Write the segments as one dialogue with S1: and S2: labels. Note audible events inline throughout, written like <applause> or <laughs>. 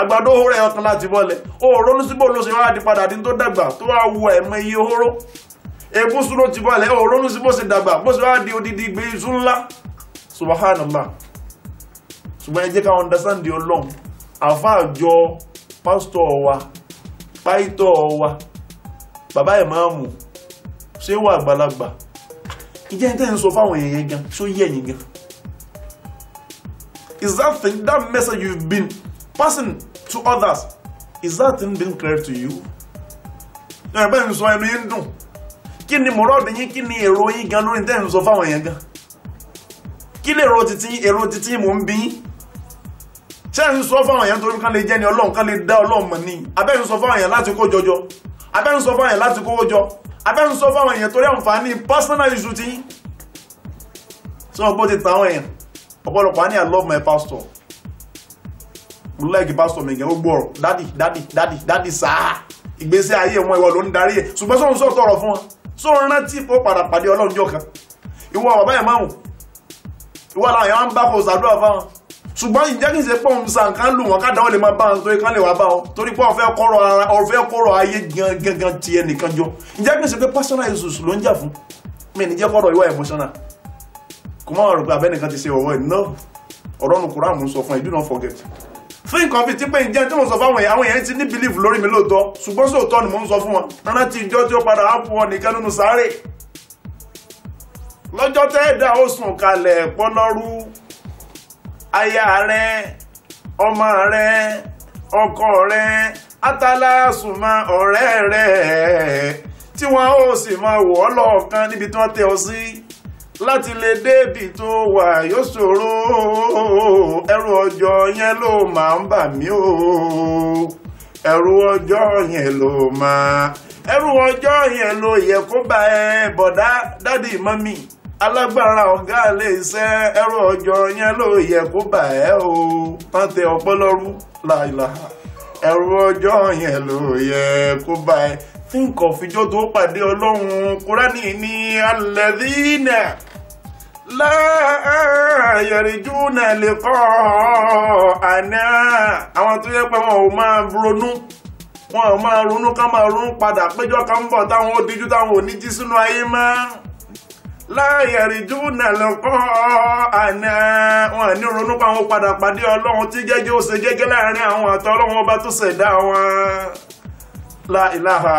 S1: àgbàdo hóró ẹyọ kan láti bọ́lẹ̀ òòró nísìbò ló ṣe wá di padà dín tó dàgbà tó wá wọ ẹ̀mọ iye hóró egusi ló ti bọ́lẹ̀ òòró nísìbò ṣe dàgbà bó ṣe wá di odidi ìgbé iṣu ńlá subhanallah ṣùgbọ́n ẹ jẹ́ ká understand di ọlọ́run àfáàjọ pásítọ̀ wa páítọ̀ wa bàbá ìmáàmù ṣé wà àgbàlagbà ìjẹ́ tẹ́ ń sọ fáwọn èèyàn gan ṣó yẹ̀yìn gan is that thing that message you. been Passing to others is that thing being clear to you? ẹgbẹ́ mi sọ ẹnu yín dùn kí ni mọ̀rọ́ọ̀dù yín kí ni èrò yín gan lórí tẹ́ ń sọ fáwọn èèyàn gan kí ni èrò titi èrò titi mò ń bí yín ṣé ń sọ fáwọn èèyàn torí kan lè jẹ́ ni ọlọ́run kan lè dá ọlọ́run mọ̀ ni abẹ́ ń sọ fáwọn èèyàn láti kó jọjọ abẹ́ ń fáwọn èèyàn láti kówó jọ abẹ́ ń fáwọn èèyàn torí àǹfààní personal issue ti sọ gbọ́ ti tàwọn èèyàn ọ̀pọ̀lọpọ̀ á ní I love my pastor mo láìkí pásítọ̀ mi gẹ́gẹ́ gbọ́ ọ̀rọ̀ dádì dádì dádì dádì sáà ìgbésí ayé wọn ìwọ ló ń darí ẹ̀ ṣùgbọ́n sóun sọ̀tọ̀ ọ̀rọ̀ fún wọn sóun rántí fún padà pàdé ọlọ́njọ́ kan ìwọ bàbá ẹ̀ máa wù ìwọ làwọn yẹn wá ń bá kó ṣàdúrà fáwọn ṣùgbọ́n ìjẹ́ kí n ṣe pọ̀ ń sa nǹkan lù wọ́n kádàá wọn lè máa bá wọn torí kán lè wá bá wọn torí pé ọ̀fẹ́ kọ́rọ̀ ara ọ̀fẹ́ kọ́rọ̀ ayé gangan ti ẹnìkan jọ ìjẹ́ kí n ṣe pé personal issues ló ń jà fún mi ní jẹ́ kọ́rọ̀ ìwà emotional kò má wọn rò pé abẹ́nìkan ti ṣe ọ̀wọ́ ẹ̀ náà ọ̀rọ̀ nù Kùránì sọ fún ẹ̀ do not forget fún nǹkan bíi tí pé ǹjẹ́ tí mo sọ fáwọn àwọn èèyàn ti ní believe lórí mi lóòótọ́ ṣùgbọ́n sóòótọ́ ni mo ń sọ fún wọn rántí ìjọ tí ó padà á fún ọ nìkan nínú sáré lọ́jọ́ tẹ́ẹ̀dá ó sùn kalẹ̀ pọ́nọ́rú aya rẹ ọmọ rẹ ọkọ rẹ atálásùnmọ́ ọ̀rẹ́ rẹ tí wọ́n ó sì máa wọ̀ ọ́ lọ́ọ̀kan níbi tí wọ́n tẹ ọ sí. láti lè débì tó wà yóò ṣòro ẹrù ọjọ́ yẹn ló máa ń bà mí o ẹrù ọjọ́ yẹn ló máa ẹrù ọjọ́ yẹn ló yẹ kó bá ẹ bọ̀dá dádì mọ́mì alágbára ọ̀gá ilé iṣẹ́ ẹrù ọjọ́ yẹn ló yẹ kó bá ẹ o pàǹtẹ ọpọlọrú láìláha ẹrù ọjọ́ yẹn ló yẹ kó bá ẹ fún nǹkan tó pàdé ọlọ́run kúránì ní alẹ́ dínà. láàyẹ̀rìndúnà lè kọ́ àná àwọn tó yẹ pé wọn ò máa ronú wọn ò máa ronú ká máa ronú padà péjọ kan ń bọ̀ táwọn ó díjú táwọn ò ní jí sínú ayé mọ́ láyẹ̀rìndúnà lè kọ́ àná wọn ní ronú káwọn padà pàdé ọlọ́run tí gẹ́gẹ́ ó ṣe gẹ́gẹ́ láàrin àwọn àtọ́ ọlọ́run tó ṣẹ̀dá wọn láìláha.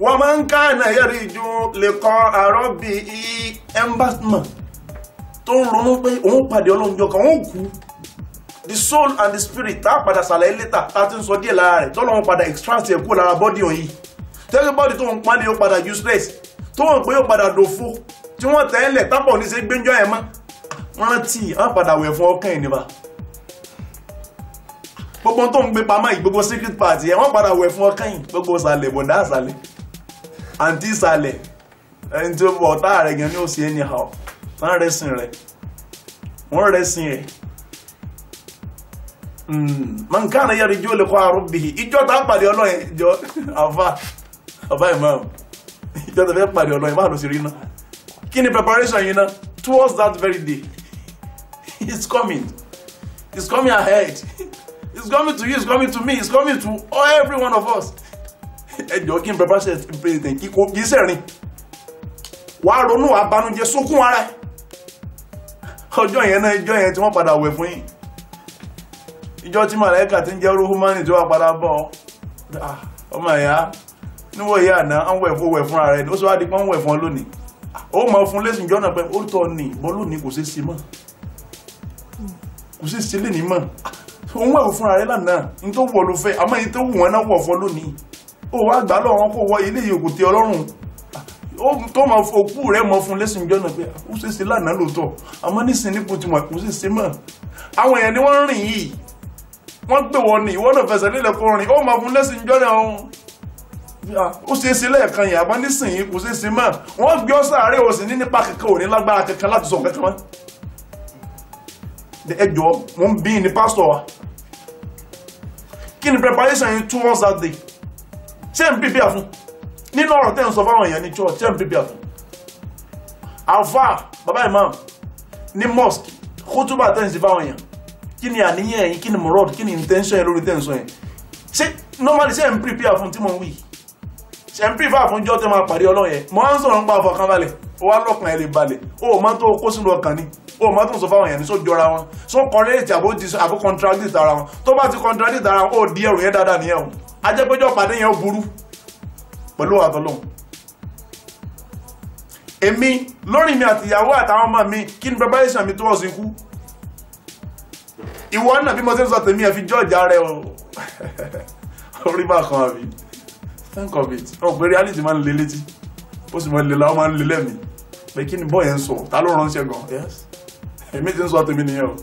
S1: wọ́n máa ń ká nàìjírí ju lè kọ́ àrọ́bì embassman tó ń ronú pé òun pàdé ọlọ́njọ́ kan òun kú the soul and the spirit tá a padà ṣàlàyé létà tá a ti ń sọ díẹ̀ lára rẹ̀ tọ́lọ́run padà extract ẹ̀ kúrò lára bọ́dì òun yìí tẹ́lẹ̀ bọ́dì tó ń pálí ó padà useless tó wọ́n pé ó padà dòfo tí wọ́n tẹ́lẹ̀ tápọ̀ ní ṣe gbẹ́njọ́ ẹ̀ mọ́ rántí á padà wẹ̀ fún ọkàn ẹ̀ níbà gbogbo tó ń gbé pamọ́ ìgbogbo secret party ẹ̀ wọ́n padà wẹ̀ fún ọkàn yìí gbogbo ṣàlẹ̀ bọ̀dá ṣàlẹ̀ àǹtí ìsàlẹ̀ ẹni tó bọ̀ ọ̀tá rẹ̀ gan ni ó sì anyhow wọ́n rẹ́sìn rẹ̀ wọ́n rẹ́sìn ẹ̀ hmm, mankana yẹri jó lè kọ́ àrùn bìí ìjọ tá a pàdé ọlọ́yìn ìjọ àfa àfa imam ìjọ tó fẹ́ pàdé ọlọ́yìn báwo ló sì rí iná kí ni preparation yìí ná towards that very day it's coming it's coming ahead it's coming to you it's coming to me it's coming to every one of us. <laughs> ẹjọ́ kí n bẹ bá ṣe pèsè kí kò kí sẹ́rin wàá ronú ara ọjọ́ yẹn náà ẹjọ́ yẹn tí wọ́n padà wẹ̀ fún yín ìjọ tí màláìka ti ń jẹ́ rohumani tí wọ́n padà bọ̀ ah, ọmọ ẹ̀yà níwọ̀ àná ń wẹ̀ fún wẹ̀ ó wá gbà lọ́wọ́ kó wọ ilé ìyókùn tí ọlọ́run tó máa òkú rẹ̀ mọ́ fún lẹ́sìn ìjọ́nà pé ó ṣe ṣe lánàá lóòótọ́ àmọ́ nísìnyí nípò tí wọ́n kò sì ṣe mọ́ àwọn èèyàn ni wọ́n rìn yìí wọ́n gbé wọn ní ìwọ́n náà fẹsẹ̀ nílẹ̀ kó rìn ó máa fún lẹ́sìn ìjọ́nà ọ̀hún ó ṣe é ṣe lẹ́ẹ̀kan yìí àmọ́ nísìnyí kò ṣe é ṣe mọ́ wọ́n gbé ọ́ sáré o sì ní nípa kankan ò ní lágbára kankan láti sọ kankan mọ́ ẹjọ́ mo ń bí ní pásítọ̀ wa kí ni preparation yìí two hours a day ṣé ń bíbí àfún nínú ọ̀rọ̀ tẹ́ ń sọ fáwọn èèyàn ní church ṣé ń bíbí àfún alfa baba imam ní mosque kútúbà tẹ́ ń sí fáwọn èèyàn kí ni àníyàn yìí kí ni murad kí ni intention yẹn lórí tẹ́ ń sọ yẹn ṣé normally ṣé ń prepare fún tí mo ń wí ṣé ń prepare fún jọ́ tẹ́ máa pàdé ọlọ́run yẹn mo á ń sọ̀rọ̀ ń pa àfọkàn balẹ̀ wá lọ́kàn ẹ̀ lè balẹ̀ o má tó kó sínú ọkàn ni o má tó sọ fáwọn èèyàn ní sọ jọra wọn sọ correct àbó contradict ara wọn tó bá ti contradict ara wọn ó di ẹrù yẹn dáadáa nìyẹn o ajẹ́pẹ́jọ́ pàdé yẹn ó burú pẹ̀lú àtọ́lọ́hun èmi lórí mi àtìyàwó àtàwọn ọmọ mi kí ni preparation mi tó wọ́n sí kú ìwọ náà bí mo ṣe ń sọ tèmi ẹ̀ fi jọ́ọ̀jà rẹ o <laughs> orí bá kan àbí think of it ọ̀ pé reality máa ń le létí ó sì máa ń le la ó máa ń le lẹ́mìí pé kí ni bọ́ọ̀ yẹn ń sọ ta ló ránṣẹ́ gan yes èmi ti ń sọ tèmi nìyẹn o.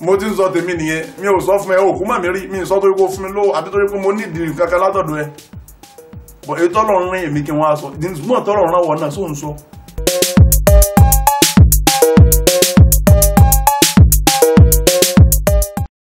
S1: mo ti ń sọ tèmi nìyẹn mi ò sọ fún ẹ òkú mọ̀ mi rí mi sọ torí kó fún mi lówó àbí torí pé mo nídìí kankan látọ̀dọ̀ ẹ bọ̀ èyí tọ́lọ̀ ń èmi kí wọ́n á sọ dìgbọ́n wọn náà